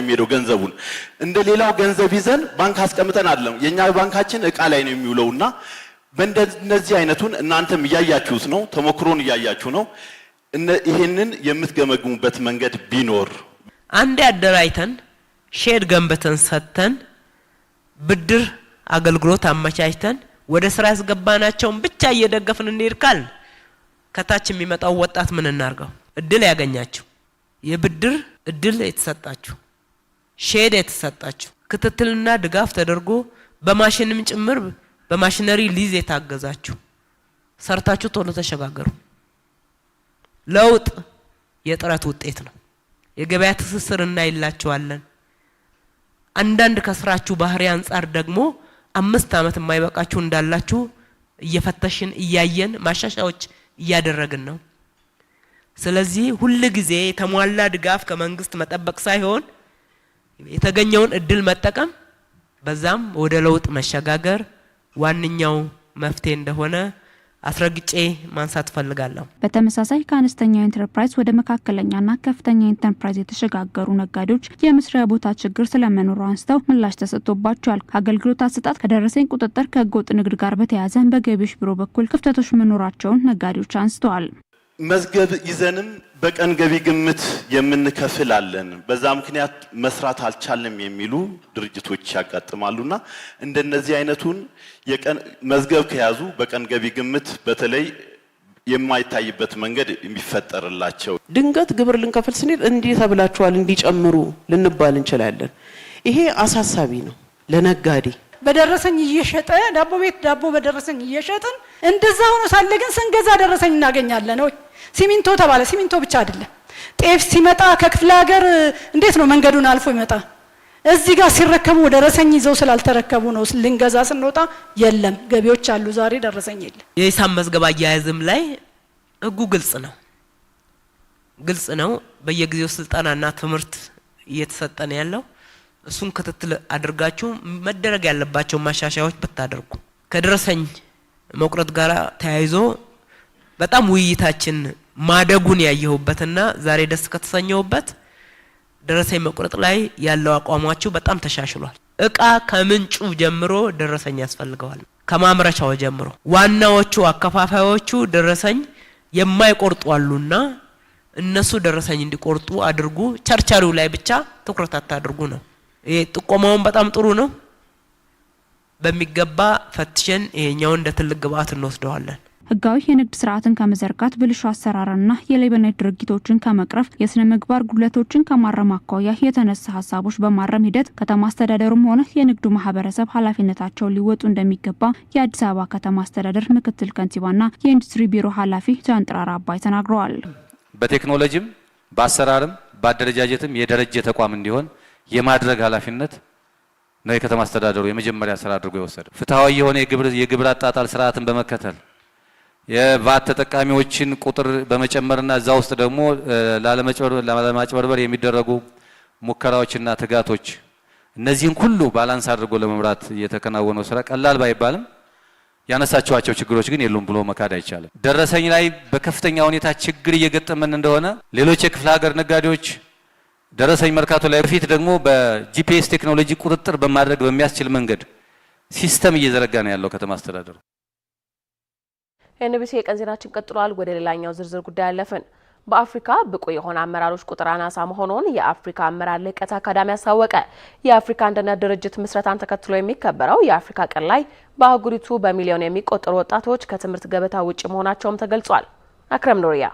የሚሄደው ገንዘቡን። እንደ ሌላው ገንዘብ ይዘን ባንክ አስቀምጠን አይደለም። የእኛ ባንካችን እቃ ላይ ነው የሚውለውና በእንደነዚህ አይነቱን እናንተም እያያችሁት ነው፣ ተሞክሮን እያያችሁ ነው። ይሄንን የምትገመግሙበት መንገድ ቢኖር አንዴ አደራጅተን ሼድ ገንብተን ሰጥተን ብድር አገልግሎት አመቻችተን ወደ ስራ ያስገባናቸውን ብቻ እየደገፍን እንሄድካል። ከታች የሚመጣው ወጣት ምን እናርገው? እድል ያገኛችሁ የብድር እድል የተሰጣችሁ ሼድ የተሰጣቸው ክትትልና ድጋፍ ተደርጎ በማሽንም ጭምር በማሽነሪ ሊዝ የታገዛችሁ ሰርታችሁ ቶሎ ተሸጋገሩ። ለውጥ የጥረት ውጤት ነው። የገበያ ትስስር እናይላችኋለን። አንዳንድ ከስራችሁ ባህሪ አንጻር ደግሞ አምስት ዓመት የማይበቃችሁ እንዳላችሁ እየፈተሽን እያየን ማሻሻዎች እያደረግን ነው። ስለዚህ ሁል ጊዜ የተሟላ ድጋፍ ከመንግስት መጠበቅ ሳይሆን የተገኘውን እድል መጠቀም በዛም ወደ ለውጥ መሸጋገር ዋነኛው መፍትሄ እንደሆነ አስረግጬ ማንሳት ፈልጋለሁ። በተመሳሳይ ከአነስተኛ ኢንተርፕራይዝ ወደ መካከለኛና ከፍተኛ ኢንተርፕራይዝ የተሸጋገሩ ነጋዴዎች የመስሪያ ቦታ ችግር ስለመኖሩ አንስተው ምላሽ ተሰጥቶባቸዋል። አገልግሎት አሰጣጥ ከደረሰኝ ቁጥጥር ከህገወጥ ንግድ ጋር በተያያዘ በገቢዎች ቢሮ በኩል ክፍተቶች መኖራቸውን ነጋዴዎች አንስተዋል። መዝገብ ይዘንም በቀን ገቢ ግምት የምንከፍል አለን። በዛ ምክንያት መስራት አልቻለም የሚሉ ድርጅቶች ያጋጥማሉና እንደነዚህ አይነቱን መዝገብ ከያዙ በቀን ገቢ ግምት በተለይ የማይታይበት መንገድ የሚፈጠርላቸው ድንገት ግብር ልንከፍል ስንል እንዲህ ተብላችኋል እንዲጨምሩ ልንባል እንችላለን። ይሄ አሳሳቢ ነው ለነጋዴ በደረሰኝ እየሸጠ ዳቦ ቤት ዳቦ በደረሰኝ እየሸጥን እንደዛ ሆኖ ሳለ ግን ስንገዛ ደረሰኝ እናገኛለን ወይ? ሲሚንቶ ተባለ። ሲሚንቶ ብቻ አይደለም። ጤፍ ሲመጣ ከክፍለ ሀገር እንዴት ነው መንገዱን አልፎ ይመጣ? እዚህ ጋር ሲረከቡ ደረሰኝ ይዘው ስላልተረከቡ ነው። ልንገዛ ስንወጣ የለም፣ ገቢዎች አሉ፣ ዛሬ ደረሰኝ የለም። የሂሳብ መዝገብ አያያዝም ላይ ህጉ ግልጽ ነው፣ ግልጽ ነው። በየጊዜው ስልጠናና ትምህርት እየተሰጠን ያለው እሱን ክትትል አድርጋችሁ መደረግ ያለባቸው ማሻሻያዎች ብታደርጉ ከደረሰኝ መቁረጥ ጋር ተያይዞ በጣም ውይይታችን ማደጉን ያየሁበትና ዛሬ ደስ ከተሰኘሁበት ደረሰኝ መቁረጥ ላይ ያለው አቋማችሁ በጣም ተሻሽሏል። እቃ ከምንጩ ጀምሮ ደረሰኝ ያስፈልገዋል። ከማምረቻው ጀምሮ ዋናዎቹ አከፋፋዮቹ ደረሰኝ የማይቆርጡ አሉና እነሱ ደረሰኝ እንዲቆርጡ አድርጉ። ቸርቸሪው ላይ ብቻ ትኩረት አታድርጉ ነው። ይሄ ጥቆማውን በጣም ጥሩ ነው። በሚገባ ፈትሸን ይሄኛው እንደ ትልቅ ግብአት እንወስደዋለን። ህጋዊ የንግድ ስርዓትን ከመዘርጋት ብልሹ አሰራርና የሌብነት ድርጊቶችን ከመቅረፍ የስነ ምግባር ጉድለቶችን ከማረም አኳያ የተነሳ ሀሳቦች በማረም ሂደት ከተማ አስተዳደሩም ሆነ የንግዱ ማህበረሰብ ኃላፊነታቸውን ሊወጡ እንደሚገባ የአዲስ አበባ ከተማ አስተዳደር ምክትል ከንቲባና የኢንዱስትሪ ቢሮ ኃላፊ ጃንጥራር አባይ ተናግረዋል። በቴክኖሎጂም በአሰራርም በአደረጃጀትም የደረጀ ተቋም እንዲሆን የማድረግ ኃላፊነት ነው የከተማ አስተዳደሩ የመጀመሪያ ስራ አድርጎ የወሰደው። ፍትሐዊ የሆነ የግብር አጣጣል ስርዓትን በመከተል የቫት ተጠቃሚዎችን ቁጥር በመጨመርና እዛ ውስጥ ደግሞ ላለማጭበርበር የሚደረጉ ሙከራዎችና ትጋቶች እነዚህን ሁሉ ባላንስ አድርጎ ለመምራት የተከናወነው ስራ ቀላል ባይባልም ያነሳቸዋቸው ችግሮች ግን የሉም ብሎ መካድ አይቻልም። ደረሰኝ ላይ በከፍተኛ ሁኔታ ችግር እየገጠመን እንደሆነ ሌሎች የክፍለ ሀገር ነጋዴዎች ደረሰኝ መርካቶ ላይ በፊት ደግሞ በጂፒኤስ ቴክኖሎጂ ቁጥጥር በማድረግ በሚያስችል መንገድ ሲስተም እየዘረጋ ነው ያለው ከተማ አስተዳደሩ። የኤንቢሲ የቀን ዜናችን ቀጥሏል። ወደ ሌላኛው ዝርዝር ጉዳይ አለፍን። በአፍሪካ ብቁ የሆነ አመራሮች ቁጥር አናሳ መሆኑን የአፍሪካ አመራር ልቀት አካዳሚ አስታወቀ። የአፍሪካ አንድነት ድርጅት ምስረታን ተከትሎ የሚከበረው የአፍሪካ ቀን ላይ በአህጉሪቱ በሚሊዮን የሚቆጠሩ ወጣቶች ከትምህርት ገበታ ውጭ መሆናቸውም ተገልጿል። አክረም ኖሪያ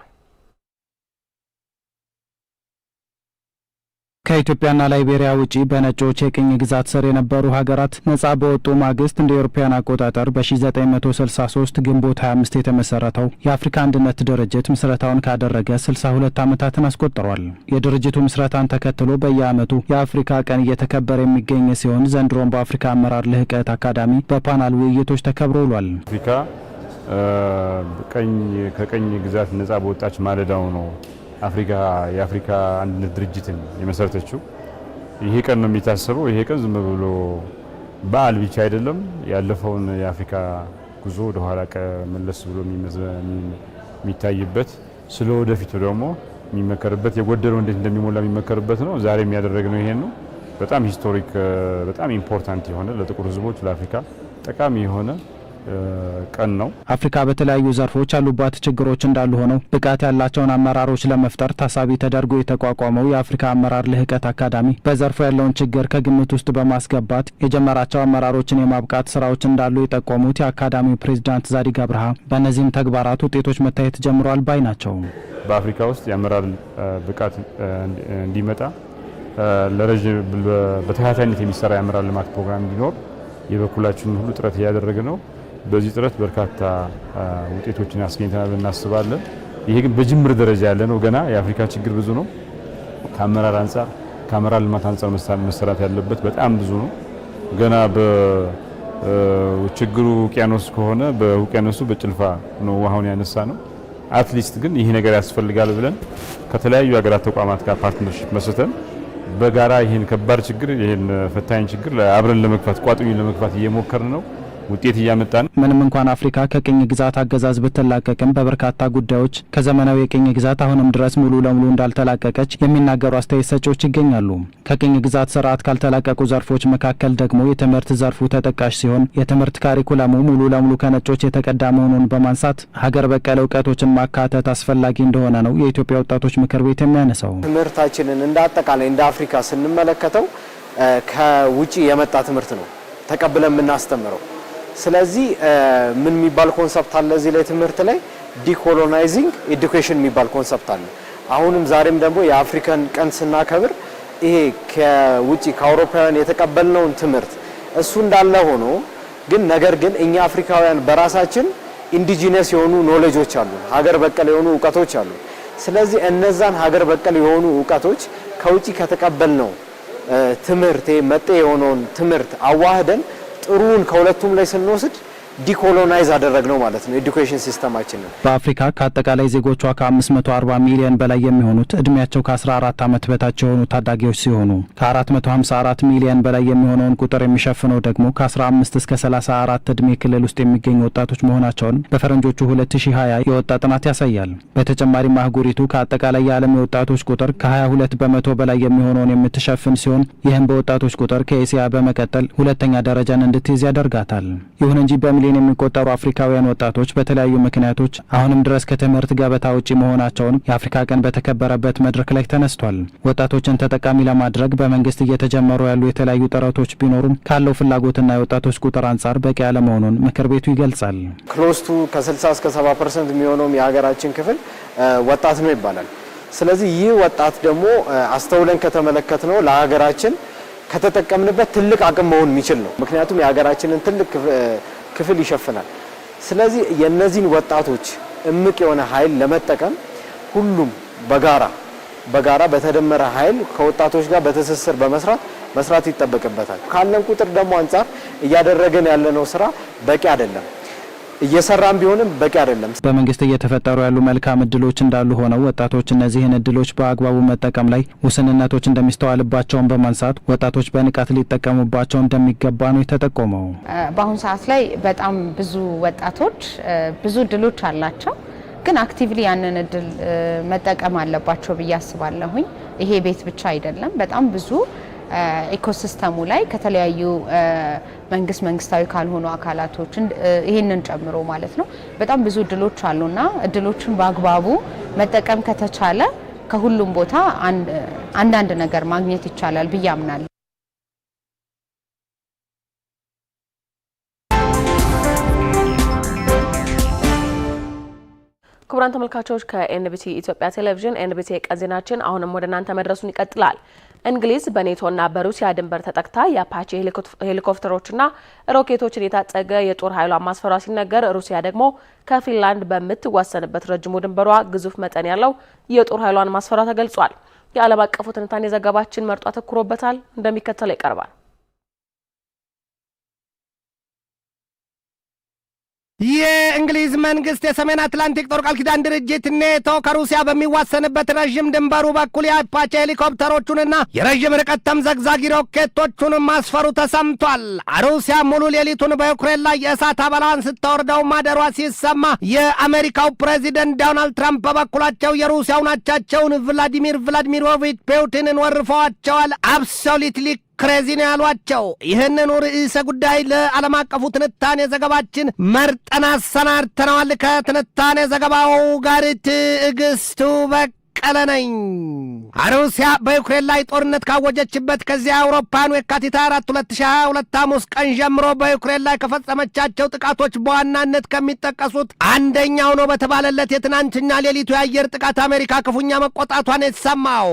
ከኢትዮጵያና ላይቤሪያ ውጪ በነጮች የቅኝ ግዛት ስር የነበሩ ሀገራት ነጻ በወጡ ማግስት እንደ ኤሮፓያን አቆጣጠር በ1963 ግንቦት 25 የተመሰረተው የአፍሪካ አንድነት ድርጅት ምስረታውን ካደረገ 62 ዓመታትን አስቆጥሯል። የድርጅቱ ምስረታን ተከትሎ በየዓመቱ የአፍሪካ ቀን እየተከበረ የሚገኝ ሲሆን ዘንድሮም በአፍሪካ አመራር ልህቀት አካዳሚ በፓናል ውይይቶች ተከብሮ ውሏል። አፍሪካ ከቅኝ ግዛት ነጻ በወጣች ማለዳው ነው አፍሪካ የአፍሪካ አንድነት ድርጅትን የመሰረተችው። ይሄ ቀን ነው የሚታሰበው። ይሄ ቀን ዝም ብሎ በዓል ብቻ አይደለም። ያለፈውን የአፍሪካ ጉዞ ወደኋላ መለስ ብሎ የሚታይበት ስለ ወደፊቱ ደግሞ የሚመከርበት የጎደለው እንዴት እንደሚሞላ የሚመከርበት ነው። ዛሬ የሚያደረግነው ይሄን ነው። በጣም ሂስቶሪክ፣ በጣም ኢምፖርታንት የሆነ ለጥቁር ሕዝቦች ለአፍሪካ ጠቃሚ የሆነ ቀን ነው። አፍሪካ በተለያዩ ዘርፎች ያሉባት ችግሮች እንዳሉ ሆነው ብቃት ያላቸውን አመራሮች ለመፍጠር ታሳቢ ተደርጎ የተቋቋመው የአፍሪካ አመራር ልህቀት አካዳሚ በዘርፉ ያለውን ችግር ከግምት ውስጥ በማስገባት የጀመራቸው አመራሮችን የማብቃት ስራዎች እንዳሉ የጠቆሙት የአካዳሚው ፕሬዚዳንት ዛዲግ አብርሃ በእነዚህም ተግባራት ውጤቶች መታየት ጀምሯል ባይ ናቸው። በአፍሪካ ውስጥ የአመራር ብቃት እንዲመጣ ለረዥም በተከታታይነት የሚሰራ የአመራር ልማት ፕሮግራም እንዲኖር የበኩላችንን ሁሉ ጥረት እያደረገ ነው። በዚህ ጥረት በርካታ ውጤቶችን አስገኝተናል እናስባለን። ይሄ ግን በጅምር ደረጃ ያለ ነው። ገና የአፍሪካ ችግር ብዙ ነው። ከአመራር አንጻር ከአመራር ልማት አንጻር መሰራት ያለበት በጣም ብዙ ነው። ገና ችግሩ ውቅያኖስ ከሆነ በውቅያኖሱ በጭልፋ ነው ውሃውን ያነሳ ነው። አትሊስት ግን ይህ ነገር ያስፈልጋል ብለን ከተለያዩ ሀገራት ተቋማት ጋር ፓርትነርሽፕ መስርተን በጋራ ይህን ከባድ ችግር ይህን ፈታኝ ችግር አብረን ለመግፋት ቋጥኙን ለመግፋት እየሞከርን ነው። ውጤት እያመጣ ነው። ምንም እንኳን አፍሪካ ከቅኝ ግዛት አገዛዝ ብትላቀቅም በበርካታ ጉዳዮች ከዘመናዊ የቅኝ ግዛት አሁንም ድረስ ሙሉ ለሙሉ እንዳልተላቀቀች የሚናገሩ አስተያየት ሰጪዎች ይገኛሉ። ከቅኝ ግዛት ስርዓት ካልተላቀቁ ዘርፎች መካከል ደግሞ የትምህርት ዘርፉ ተጠቃሽ ሲሆን የትምህርት ካሪኩለሙ ሙሉ ለሙሉ ከነጮች የተቀዳ መሆኑን በማንሳት ሀገር በቀል እውቀቶችን ማካተት አስፈላጊ እንደሆነ ነው የኢትዮጵያ ወጣቶች ምክር ቤት የሚያነሳው። ትምህርታችንን እንደ አጠቃላይ እንደ አፍሪካ ስንመለከተው ከውጪ የመጣ ትምህርት ነው ተቀብለን የምናስተምረው ስለዚህ ምን የሚባል ኮንሰፕት አለ እዚህ ላይ ትምህርት ላይ ዲኮሎናይዚንግ ኤዱኬሽን የሚባል ኮንሰፕት አለ። አሁንም ዛሬም ደግሞ የአፍሪካን ቀን ስናከብር ይሄ ከውጭ ከአውሮፓውያን የተቀበልነውን ትምህርት እሱ እንዳለ ሆኖ ግን ነገር ግን እኛ አፍሪካውያን በራሳችን ኢንዲጂነስ የሆኑ ኖሌጆች አሉ፣ ሀገር በቀል የሆኑ እውቀቶች አሉ። ስለዚህ እነዛን ሀገር በቀል የሆኑ እውቀቶች ከውጪ ከተቀበልነው ትምህርት መጤ የሆነውን ትምህርት አዋህደን ጥሩውን ከሁለቱም ላይ ስንወስድ ዲኮሎናይዝ ነው ማለት ነው ኤዱኬሽን ሲስተማችን ነው። በአፍሪካ ከአጠቃላይ ዜጎቿ ከ540 ሚሊዮን በላይ የሚሆኑት እድሜያቸው ከ14 ዓመት በታች የሆኑ ታዳጊዎች ሲሆኑ ከ454 ሚሊዮን በላይ የሚሆነውን ቁጥር የሚሸፍነው ደግሞ ከ15 እስከ 34 እድሜ ክልል ውስጥ የሚገኙ ወጣቶች መሆናቸውን በፈረንጆቹ 2020 የወጣ ጥናት ያሳያል። በተጨማሪም አህጉሪቱ ከአጠቃላይ የዓለም የወጣቶች ቁጥር ከ22 በመቶ በላይ የሚሆነውን የምትሸፍን ሲሆን ይህም በወጣቶች ቁጥር ከኤሲያ በመቀጠል ሁለተኛ ደረጃን እንድትይዝ ያደርጋታል። ይሁን እንጂ በሚ በሚሊዮን የሚቆጠሩ አፍሪካውያን ወጣቶች በተለያዩ ምክንያቶች አሁንም ድረስ ከትምህርት ገበታ ውጪ መሆናቸውን የአፍሪካ ቀን በተከበረበት መድረክ ላይ ተነስቷል። ወጣቶችን ተጠቃሚ ለማድረግ በመንግስት እየተጀመሩ ያሉ የተለያዩ ጥረቶች ቢኖሩም ካለው ፍላጎትና የወጣቶች ቁጥር አንጻር በቂ ያለመሆኑን ምክር ቤቱ ይገልጻል። ክሎስቱ ከ60 እስከ 70 ፐርሰንት የሚሆነውም የሀገራችን ክፍል ወጣት ነው ይባላል። ስለዚህ ይህ ወጣት ደግሞ አስተውለን ከተመለከት ነው ለሀገራችን ከተጠቀምንበት ትልቅ አቅም መሆን የሚችል ነው። ምክንያቱም የሀገራችንን ትልቅ ክፍል ይሸፍናል። ስለዚህ የነዚህን ወጣቶች እምቅ የሆነ ኃይል ለመጠቀም ሁሉም በጋራ በጋራ በተደመረ ኃይል ከወጣቶች ጋር በትስስር በመስራት መስራት ይጠበቅበታል። ካለን ቁጥር ደግሞ አንጻር እያደረገን ያለነው ስራ በቂ አይደለም። እየሰራም ቢሆንም በቂ አይደለም። በመንግስት እየተፈጠሩ ያሉ መልካም እድሎች እንዳሉ ሆነው ወጣቶች እነዚህን እድሎች በአግባቡ መጠቀም ላይ ውስንነቶች እንደሚስተዋልባቸውን በማንሳት ወጣቶች በንቃት ሊጠቀሙባቸው እንደሚገባ ነው የተጠቆመው። በአሁኑ ሰዓት ላይ በጣም ብዙ ወጣቶች ብዙ እድሎች አላቸው፣ ግን አክቲቭሊ ያንን እድል መጠቀም አለባቸው ብዬ አስባለሁኝ። ይሄ ቤት ብቻ አይደለም፣ በጣም ብዙ ኢኮሲስተሙ ላይ ከተለያዩ መንግስት መንግስታዊ ካልሆኑ አካላቶች ይህንን ጨምሮ ማለት ነው በጣም ብዙ እድሎች አሉና እድሎችን በአግባቡ መጠቀም ከተቻለ ከሁሉም ቦታ አንዳንድ ነገር ማግኘት ይቻላል ብዬ አምናለሁ። ክቡራን ተመልካቾች ከኤንቢሲ ኢትዮጵያ ቴሌቪዥን ኤንቢሲ ቀን ዜናችን አሁንም ወደ እናንተ መድረሱን ይቀጥላል። እንግሊዝ በኔቶና በሩሲያ ድንበር ተጠቅታ የአፓቼ ሄሊኮፕተሮችና ሮኬቶችን የታጸገ የጦር ኃይሏ ማስፈሯ ሲነገር፣ ሩሲያ ደግሞ ከፊንላንድ በምትዋሰንበት ረጅሙ ድንበሯ ግዙፍ መጠን ያለው የጦር ኃይሏን ማስፈሯ ተገልጿል። የዓለም አቀፉ ትንታኔ ዘገባችን መርጦ አተኩሮበታል፣ እንደሚከተለው ይቀርባል። የእንግሊዝ መንግስት የሰሜን አትላንቲክ ጦር ቃል ኪዳን ድርጅት ኔቶ ከሩሲያ በሚዋሰንበት ረዥም ድንበሩ በኩል የአፓቼ ሄሊኮፕተሮቹንና የረዥም ርቀት ተምዘግዛጊ ሮኬቶቹን ማስፈሩ ተሰምቷል። ሩሲያ ሙሉ ሌሊቱን በዩክሬን ላይ የእሳት አበላዋን ስታወርደው ማደሯ ሲሰማ፣ የአሜሪካው ፕሬዚደንት ዶናልድ ትራምፕ በበኩላቸው የሩሲያውን አቻቸውን ቭላዲሚር ቭላዲሚሮቪች ፑቲንን ወርፈዋቸዋል። አብሶሊትሊ ክሬዚን ያሏቸው። ይህንኑ ርዕሰ ጉዳይ ለዓለም አቀፉ ትንታኔ ዘገባችን መርጠን አሰናድተነዋል። ከትንታኔ ዘገባው ጋር ትዕግስቱ በ በቀለ ነኝ። ሩሲያ በዩክሬን ላይ ጦርነት ካወጀችበት ከዚያ አውሮፓኑ የካቲት አራት ሁለት ሺ ሀያ ሁለት ሐሙስ ቀን ጀምሮ በዩክሬን ላይ ከፈጸመቻቸው ጥቃቶች በዋናነት ከሚጠቀሱት አንደኛው ነው በተባለለት የትናንትና ሌሊቱ የአየር ጥቃት አሜሪካ ክፉኛ መቆጣቷን የተሰማው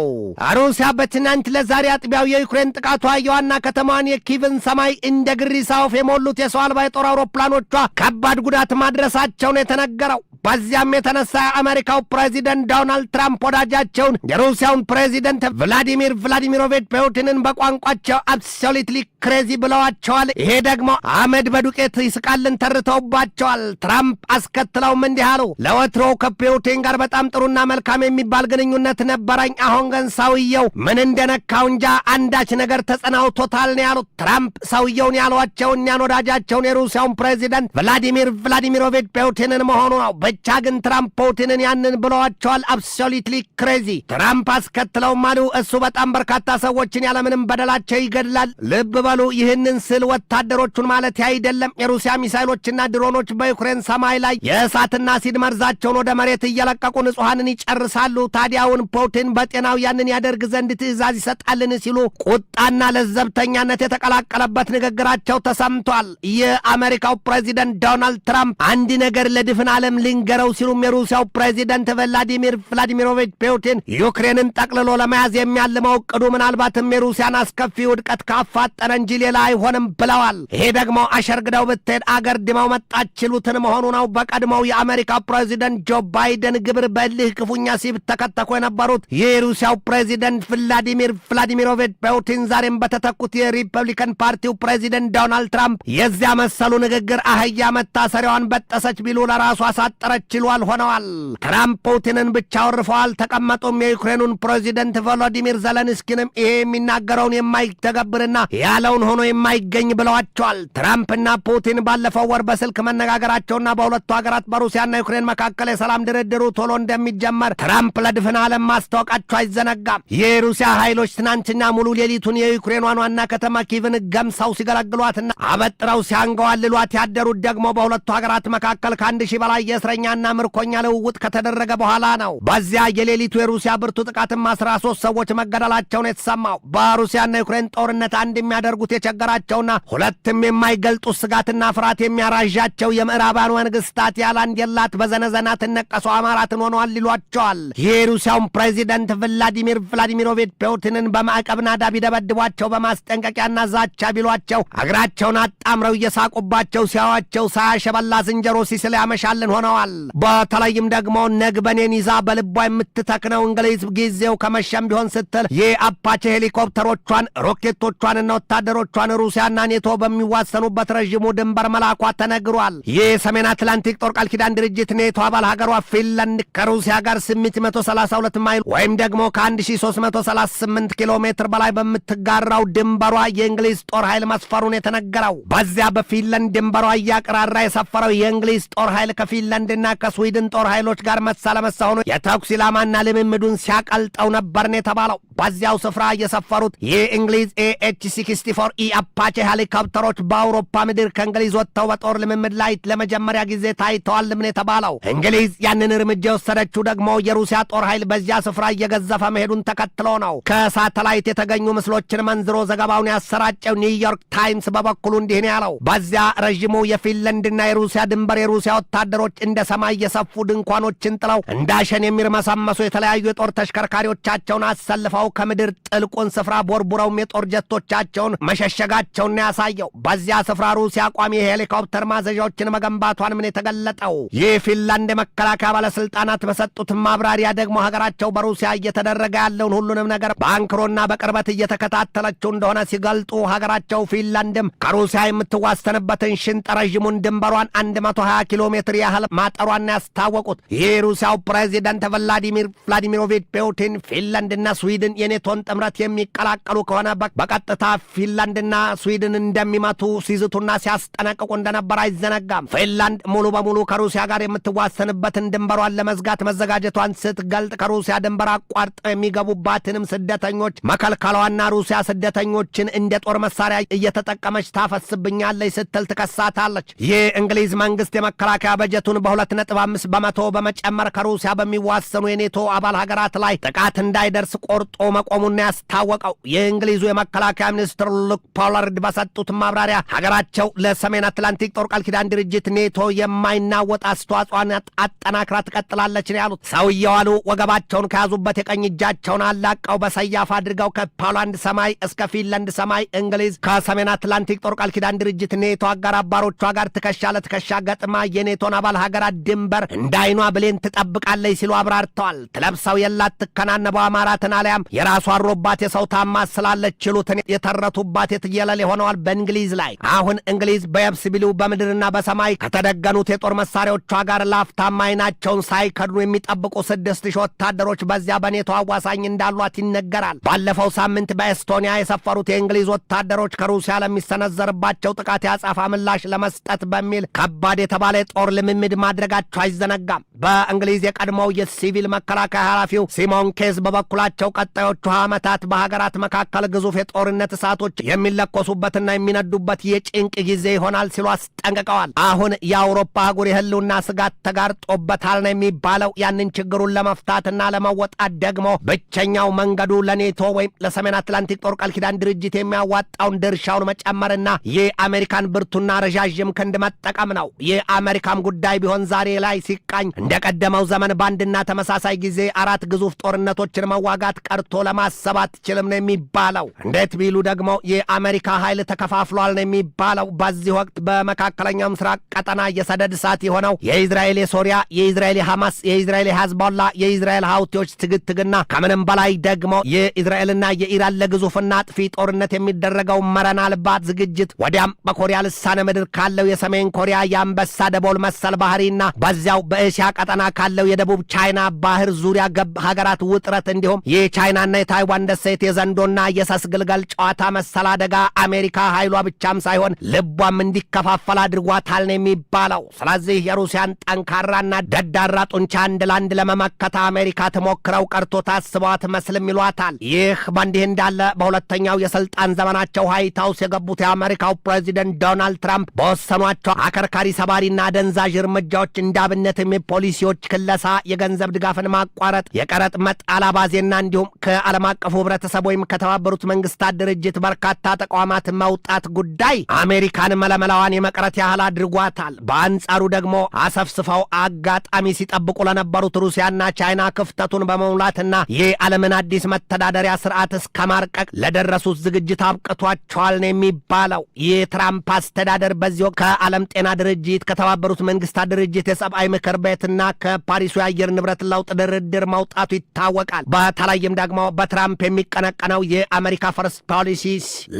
ሩሲያ በትናንት ለዛሬ አጥቢያው የዩክሬን ጥቃቷ የዋና ከተማዋን የኪቭን ሰማይ እንደ ግሪሳ ወፍ የሞሉት የሰው አልባ የጦር አውሮፕላኖቿ ከባድ ጉዳት ማድረሳቸው ነው የተነገረው። በዚያም የተነሳ የአሜሪካው ፕሬዚደንት ዶናልድ ትራምፕ ወዳጃቸውን የሩሲያውን ፕሬዚደንት ቭላዲሚር ቭላዲሚሮቪች ፑቲንን በቋንቋቸው አብሶሊትሊ ክሬዚ ብለዋቸዋል። ይሄ ደግሞ አመድ በዱቄት ይስቃልን ተርተውባቸዋል። ትራምፕ አስከትለውም እንዲህ አሉ። ለወትሮ ከፑቲን ጋር በጣም ጥሩና መልካም የሚባል ግንኙነት ነበረኝ። አሁን ግን ሰውየው ምን እንደነካው እንጃ አንዳች ነገር ተጸናውቶታል ነው ያሉት። ትራምፕ ሰውየውን ያሏቸው እኒያን ወዳጃቸውን የሩሲያውን ፕሬዚደንት ቭላዲሚር ቭላዲሚሮቪች ፑቲንን መሆኑ ነው። ብቻ ግን ትራምፕ ፑቲንን ያንን ብለዋቸዋል። አብሶሊትሊ ክሬዚ። ትራምፕ አስከትለውም አሉ እሱ በጣም በርካታ ሰዎችን ያለምንም በደላቸው ይገድላል። ልብ በሉ፣ ይህንን ስል ወታደሮቹን ማለት አይደለም። የሩሲያ ሚሳይሎችና ድሮኖች በዩክሬን ሰማይ ላይ የእሳትና ሲድ መርዛቸውን ወደ መሬት እየለቀቁ ንጹሐንን ይጨርሳሉ። ታዲያውን ፑቲን በጤናው ያንን ያደርግ ዘንድ ትእዛዝ ይሰጣልን ሲሉ ቁጣና ለዘብተኛነት የተቀላቀለበት ንግግራቸው ተሰምቷል። የአሜሪካው ፕሬዚደንት ዶናልድ ትራምፕ አንድ ነገር ለድፍን ዓለም ልን እንገረው ሲሉም የሩሲያው ፕሬዚደንት ቭላዲሚር ቭላዲሚሮቪች ፑቲን ዩክሬንን ጠቅልሎ ለመያዝ የሚያልመው እቅዱ ምናልባትም የሩሲያን አስከፊ ውድቀት ካፋጠነ እንጂ ሌላ አይሆንም ብለዋል። ይሄ ደግሞ አሸርግደው ብትሄድ አገር ድመው መጣች መሆኑ ነው። በቀድሞው የአሜሪካ ፕሬዚደንት ጆ ባይደን ግብር በልህ ክፉኛ ተከተኩ የነበሩት የሩሲያው ፕሬዚደንት ቭላዲሚር ቭላዲሚሮቪች ፑቲን ዛሬም በተተኩት የሪፐብሊካን ፓርቲው ፕሬዚደንት ዶናልድ ትራምፕ የዚያ መሰሉ ንግግር አህያ መታሰሪያዋን በጠሰች ቢሉ ለራሱ አሳጠረ ሊያረች ሆነዋል። ትራምፕ ፑቲንን ብቻ ወርፈዋል ተቀመጡም። የዩክሬኑን ፕሬዚደንት ቮሎዲሚር ዘለንስኪንም ይሄ የሚናገረውን የማይተገብርና ያለውን ሆኖ የማይገኝ ብለዋቸዋል። ትራምፕና ፑቲን ባለፈው ወር በስልክ መነጋገራቸውና በሁለቱ ሀገራት በሩሲያና ዩክሬን መካከል የሰላም ድርድሩ ቶሎ እንደሚጀመር ትራምፕ ለድፍን ዓለም ማስታወቃቸው አይዘነጋም። የሩሲያ ኃይሎች ትናንትና ሙሉ ሌሊቱን የዩክሬኗን ዋና ከተማ ኪቭን ገምሰው ሲገለግሏትና አበጥረው ሲያንገዋልሏት ያደሩት ደግሞ በሁለቱ ሀገራት መካከል ከአንድ ሺህ በላይ የእስረኛ እስረኛና ምርኮኛ ልውውጥ ከተደረገ በኋላ ነው። በዚያ የሌሊቱ የሩሲያ ብርቱ ጥቃትም አስራ ሶስት ሰዎች መገደላቸውን የተሰማው በሩሲያና ዩክሬን ጦርነት አንድ የሚያደርጉት የቸገራቸውና ሁለትም የማይገልጡት ስጋትና ፍርሃት የሚያራዣቸው የምዕራባን መንግስታት ያላንድ የላት በዘነዘና ትነቀሱ አማራትን ሆነዋል ይሏቸዋል። ይህ የሩሲያውን ፕሬዚደንት ቭላዲሚር ቭላዲሚሮቪች ፑቲንን በማዕቀብ ናዳ ቢደበድቧቸው በማስጠንቀቂያና ዛቻ ቢሏቸው እግራቸውን አጣምረው እየሳቁባቸው ሲያዋቸው ሳያሸበላ ዝንጀሮ ሲስል ያመሻልን ሆነዋል። በተለይም ደግሞ ነግበኔን ይዛ በልቧ የምትተክነው እንግሊዝ ጊዜው ከመሸም ቢሆን ስትል የአፓቼ ሄሊኮፕተሮቿን ሮኬቶቿንና ወታደሮቿን ሩሲያና ኔቶ በሚዋሰኑበት ረዥሙ ድንበር መላኳ ተነግሯል። የሰሜን አትላንቲክ ጦር ቃል ኪዳን ድርጅት ኔቶ አባል ሀገሯ ፊንላንድ ከሩሲያ ጋር 832 ማይል ወይም ደግሞ ከ1338 ኪሎ ሜትር በላይ በምትጋራው ድንበሯ የእንግሊዝ ጦር ኃይል መስፈሩን የተነገረው በዚያ በፊንላንድ ድንበሯ እያቀራራ የሰፈረው የእንግሊዝ ጦር ኃይል ከፊንላንድ ከፊንላንድና ከስዊድን ጦር ኃይሎች ጋር መሳ ለመሳ ሆኖ የተኩስ ኢላማና ልምምዱን ሲያቀልጠው ነበርን የተባለው። በዚያው ስፍራ የሰፈሩት የእንግሊዝ ኤኤች ሲክስቲ ፎር ኢ አፓቼ ሄሊኮፕተሮች በአውሮፓ ምድር ከእንግሊዝ ወጥተው በጦር ልምምድ ላይ ለመጀመሪያ ጊዜ ታይተዋል ምን የተባለው። እንግሊዝ ያንን እርምጃ የወሰደችው ደግሞ የሩሲያ ጦር ኃይል በዚያ ስፍራ እየገዘፈ መሄዱን ተከትሎ ነው። ከሳተላይት የተገኙ ምስሎችን መንዝሮ ዘገባውን ያሰራጨው ኒውዮርክ ታይምስ በበኩሉ እንዲህን ያለው። በዚያ ረዥሙ የፊንላንድና የሩሲያ ድንበር የሩሲያ ወታደሮች እንደ ሰማይ የሰፉ ድንኳኖችን ጥለው እንዳሸን የሚርመሰመሱ የተለያዩ የጦር ተሽከርካሪዎቻቸውን አሰልፈው ከምድር ጥልቁን ስፍራ ቦርቡረውም የጦር ጀቶቻቸውን መሸሸጋቸውን ያሳየው። በዚያ ስፍራ ሩሲያ ቋሚ የሄሊኮፕተር ማዘዣዎችን መገንባቷን ምን የተገለጠው። ይህ ፊንላንድ የመከላከያ ባለስልጣናት በሰጡት ማብራሪያ ደግሞ ሀገራቸው በሩሲያ እየተደረገ ያለውን ሁሉንም ነገር በአንክሮና በቅርበት እየተከታተለችው እንደሆነ ሲገልጡ ሀገራቸው ፊንላንድም ከሩሲያ የምትዋሰንበትን ሽንጥ ረዥሙን ድንበሯን 120 ኪሎ ሜትር ያህል መቆጣጠሯን ያስታወቁት። ይህ የሩሲያው ፕሬዚደንት ቭላዲሚር ቭላዲሚሮቪች ፑቲን ፊንላንድና ስዊድን የኔቶን ጥምረት የሚቀላቀሉ ከሆነ በቀጥታ ፊንላንድና ስዊድን እንደሚመቱ ሲዝቱና ሲያስጠነቅቁ እንደነበር አይዘነጋም። ፊንላንድ ሙሉ በሙሉ ከሩሲያ ጋር የምትዋሰንበትን ድንበሯን ለመዝጋት መዘጋጀቷን ስትገልጥ ከሩሲያ ድንበር አቋርጠው የሚገቡባትንም ስደተኞች መከልከሏና ሩሲያ ስደተኞችን እንደ ጦር መሳሪያ እየተጠቀመች ታፈስብኛለች ስትል ትከሳታለች። ይህ እንግሊዝ መንግስት የመከላከያ በጀቱን በሁለ ሁለት ነጥብ አምስት በመቶ በመጨመር ከሩሲያ በሚዋሰኑ የኔቶ አባል ሀገራት ላይ ጥቃት እንዳይደርስ ቆርጦ መቆሙን ያስታወቀው የእንግሊዙ የመከላከያ ሚኒስትር ሉክ ፖላርድ በሰጡት ማብራሪያ ሀገራቸው ለሰሜን አትላንቲክ ጦር ቃል ኪዳን ድርጅት ኔቶ የማይናወጥ አስተዋጽኦን አጠናክራ ትቀጥላለች ነው ያሉት። ሰውየው አሉ ወገባቸውን ከያዙበት የቀኝ እጃቸውን አላቀው በሰያፍ አድርገው ከፖላንድ ሰማይ እስከ ፊንላንድ ሰማይ እንግሊዝ ከሰሜን አትላንቲክ ጦር ቃል ኪዳን ድርጅት ኔቶ አጋር አባሮቿ ጋር ትከሻ ለትከሻ ገጥማ የኔቶን አባል ሀገራት ድንበር እንደ አይኗ ብሌን ትጠብቃለች ሲሉ አብራርተዋል። ትለብሰው የላት ትከናነበው አማራትን አልያም የራሷ አሮባት የሰው ታማ ስላለች የተረቱባት የትየለል ሆነዋል በእንግሊዝ ላይ። አሁን እንግሊዝ በየብስ ቢሉ በምድርና በሰማይ ከተደገኑት የጦር መሳሪያዎቿ ጋር ላፍታማ አይናቸውን ሳይከድኑ የሚጠብቁ ስድስት ሺህ ወታደሮች በዚያ በኔቶ አዋሳኝ እንዳሏት ይነገራል። ባለፈው ሳምንት በኤስቶኒያ የሰፈሩት የእንግሊዝ ወታደሮች ከሩሲያ ለሚሰነዘርባቸው ጥቃት ያጻፋ ምላሽ ለመስጠት በሚል ከባድ የተባለ የጦር ልምምድ ማድረግ ማድረጋቸው አይዘነጋም። በእንግሊዝ የቀድሞው የሲቪል መከላከያ ኃላፊው ሲሞን ኬዝ በበኩላቸው ቀጣዮቹ ዓመታት በሀገራት መካከል ግዙፍ የጦርነት እሳቶች የሚለኮሱበትና የሚነዱበት የጭንቅ ጊዜ ይሆናል ሲሉ አስጠንቅቀዋል። አሁን የአውሮፓ አህጉር የህልውና ስጋት ተጋርጦበታል ነው የሚባለው። ያንን ችግሩን ለመፍታትና ለመወጣት ደግሞ ብቸኛው መንገዱ ለኔቶ ወይም ለሰሜን አትላንቲክ ጦር ቃል ኪዳን ድርጅት የሚያዋጣውን ድርሻውን መጨመርና የአሜሪካን ብርቱና ረዣዥም ክንድ መጠቀም ነው። የአሜሪካም ጉዳይ ቢሆን ዛሬ ላይ ሲቃኝ እንደ ቀደመው ዘመን በአንድና ተመሳሳይ ጊዜ አራት ግዙፍ ጦርነቶችን መዋጋት ቀርቶ ለማሰብ አትችልም ነው የሚባለው። እንዴት ቢሉ ደግሞ የአሜሪካ ኃይል ተከፋፍሏል ነው የሚባለው። በዚህ ወቅት በመካከለኛው ምስራቅ ቀጠና የሰደድ እሳት የሆነው የኢዝራኤል የሶሪያ፣ የእስራኤል የሐማስ፣ የእስራኤል የሐዝቦላ፣ የእስራኤል ሀውቲዎች ትግትግና ከምንም በላይ ደግሞ የኢዝራኤልና የኢራን ለግዙፍና አጥፊ ጦርነት የሚደረገው መረን አልባት ዝግጅት ወዲያም በኮሪያ ልሳነ ምድር ካለው የሰሜን ኮሪያ የአንበሳ ደቦል መሰል ባህሪና ቻይናና በዚያው በእስያ ቀጠና ካለው የደቡብ ቻይና ባህር ዙሪያ ገብ ሀገራት ውጥረት እንዲሁም የቻይናና የታይዋን ደሴት የዘንዶና የሰስ ግልገል ጨዋታ መሰል አደጋ አሜሪካ ኃይሏ ብቻም ሳይሆን ልቧም እንዲከፋፈል አድርጓታል ነው የሚባለው። ስለዚህ የሩሲያን ጠንካራና ደዳራ ጡንቻ አንድ ለአንድ ለመመከት አሜሪካ ትሞክረው ቀርቶ ታስበዋ ትመስልም ይሏታል። ይህ በእንዲህ እንዳለ በሁለተኛው የስልጣን ዘመናቸው ዋይት ሀውስ የገቡት የአሜሪካው ፕሬዚደንት ዶናልድ ትራምፕ በወሰኗቸው አከርካሪ ሰባሪና አደንዛዥ እርምጃ ጉዳዮች እንዳብነትም ፖሊሲዎች ክለሳ፣ የገንዘብ ድጋፍን ማቋረጥ፣ የቀረጥ መጣል አባዜና እንዲሁም ከዓለም አቀፉ ህብረተሰብ ወይም ከተባበሩት መንግስታት ድርጅት በርካታ ተቋማት መውጣት ጉዳይ አሜሪካን መለመላዋን የመቅረት ያህል አድርጓታል። በአንጻሩ ደግሞ አሰፍስፈው አጋጣሚ ሲጠብቁ ለነበሩት ሩሲያና ቻይና ክፍተቱን በመሙላትና የዓለምን አዲስ መተዳደሪያ ስርዓት እስከ ማርቀቅ ለደረሱት ዝግጅት አብቅቷቸዋል ነው የሚባለው። የትራምፕ አስተዳደር በዚህ ከዓለም ጤና ድርጅት ከተባበሩት መንግስታት ድርጅት ድርጅት የሰብአዊ ምክር ቤትና ከፓሪሱ የአየር ንብረት ለውጥ ድርድር መውጣቱ ይታወቃል። በተለይም ደግሞ በትራምፕ የሚቀነቀነው የአሜሪካ ፈርስት ፖሊሲ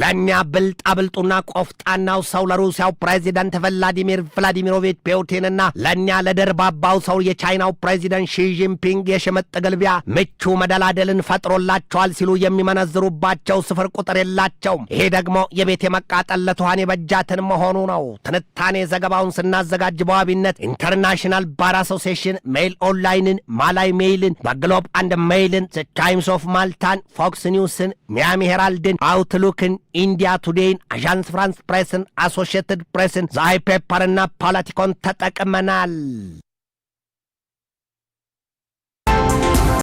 ለእኛ ብልጣ ብልጡና ቆፍጣናው ሰው ለሩሲያው ፕሬዚደንት ቭላዲሚር ቭላዲሚሮቪች ፑቲንና ለእኛ ለደርባባው ሰው የቻይናው ፕሬዚደንት ሺጂንፒንግ የሽምጥ ግልቢያ ምቹ መደላደልን ፈጥሮላቸዋል ሲሉ የሚመነዝሩባቸው ስፍር ቁጥር የላቸውም። ይሄ ደግሞ የቤት የመቃጠል ለትኋን የበጃትን መሆኑ ነው። ትንታኔ ዘገባውን ስናዘጋጅ በዋቢነት ኢንተርናሽናል ባር አሶሴሽን፣ ሜይል ኦንላይንን፣ ማላይ ሜይልን፣ በግሎብ አንድ ሜይልን፣ ዘ ታይምስ ኦፍ ማልታን፣ ፎክስ ኒውስን፣ ሚያሚ ሄራልድን፣ አውትሉክን፣ ኢንዲያ ቱዴይን፣ አዣንስ ፍራንስ ፕሬስን፣ አሶሽትድ ፕሬስን፣ ዘአይፔፐርና ፖለቲኮን ተጠቅመናል።